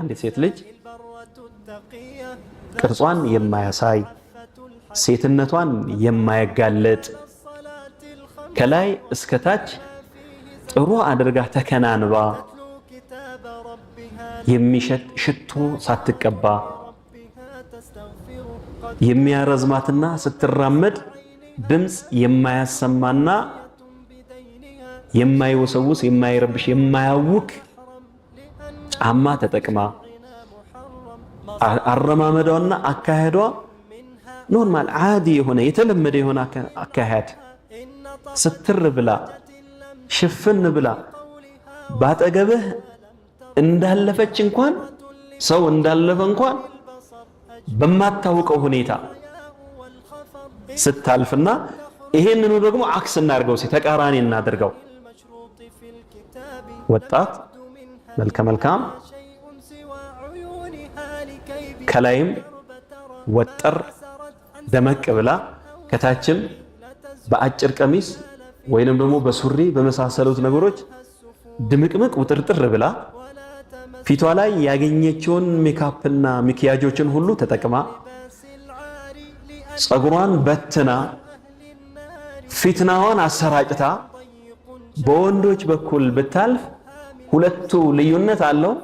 አንዲት ሴት ልጅ ቅርጿን የማያሳይ ሴትነቷን የማያጋለጥ ከላይ እስከ ታች ጥሩ አድርጋ ተከናንባ የሚሸት ሽቶ ሳትቀባ የሚያረዝማትና ስትራመድ ድምፅ የማያሰማና የማይወሰውስ የማይረብሽ የማያውክ ጫማ ተጠቅማ አረማመዷና አካሄዷ ኖርማል ዓዲ የሆነ የተለመደ የሆነ አካሄድ ስትር ብላ ሽፍን ብላ ባጠገብህ እንዳለፈች እንኳን ሰው እንዳለፈ እንኳን በማታውቀው ሁኔታ ስታልፍና ይሄንኑ ደግሞ አክስ እናድርገው፣ ተቃራኒ እናድርገው። ወጣት መልከ መልካም ከላይም ወጠር ደመቅ ብላ ከታችም በአጭር ቀሚስ ወይንም ደግሞ በሱሪ በመሳሰሉት ነገሮች ድምቅምቅ ውጥርጥር ብላ ፊቷ ላይ ያገኘችውን ሜካፕና ሚኪያጆችን ሁሉ ተጠቅማ ፀጉሯን በትና ፊትናዋን አሰራጭታ በወንዶች በኩል ብታልፍ ሁለቱ ልዩነት አለው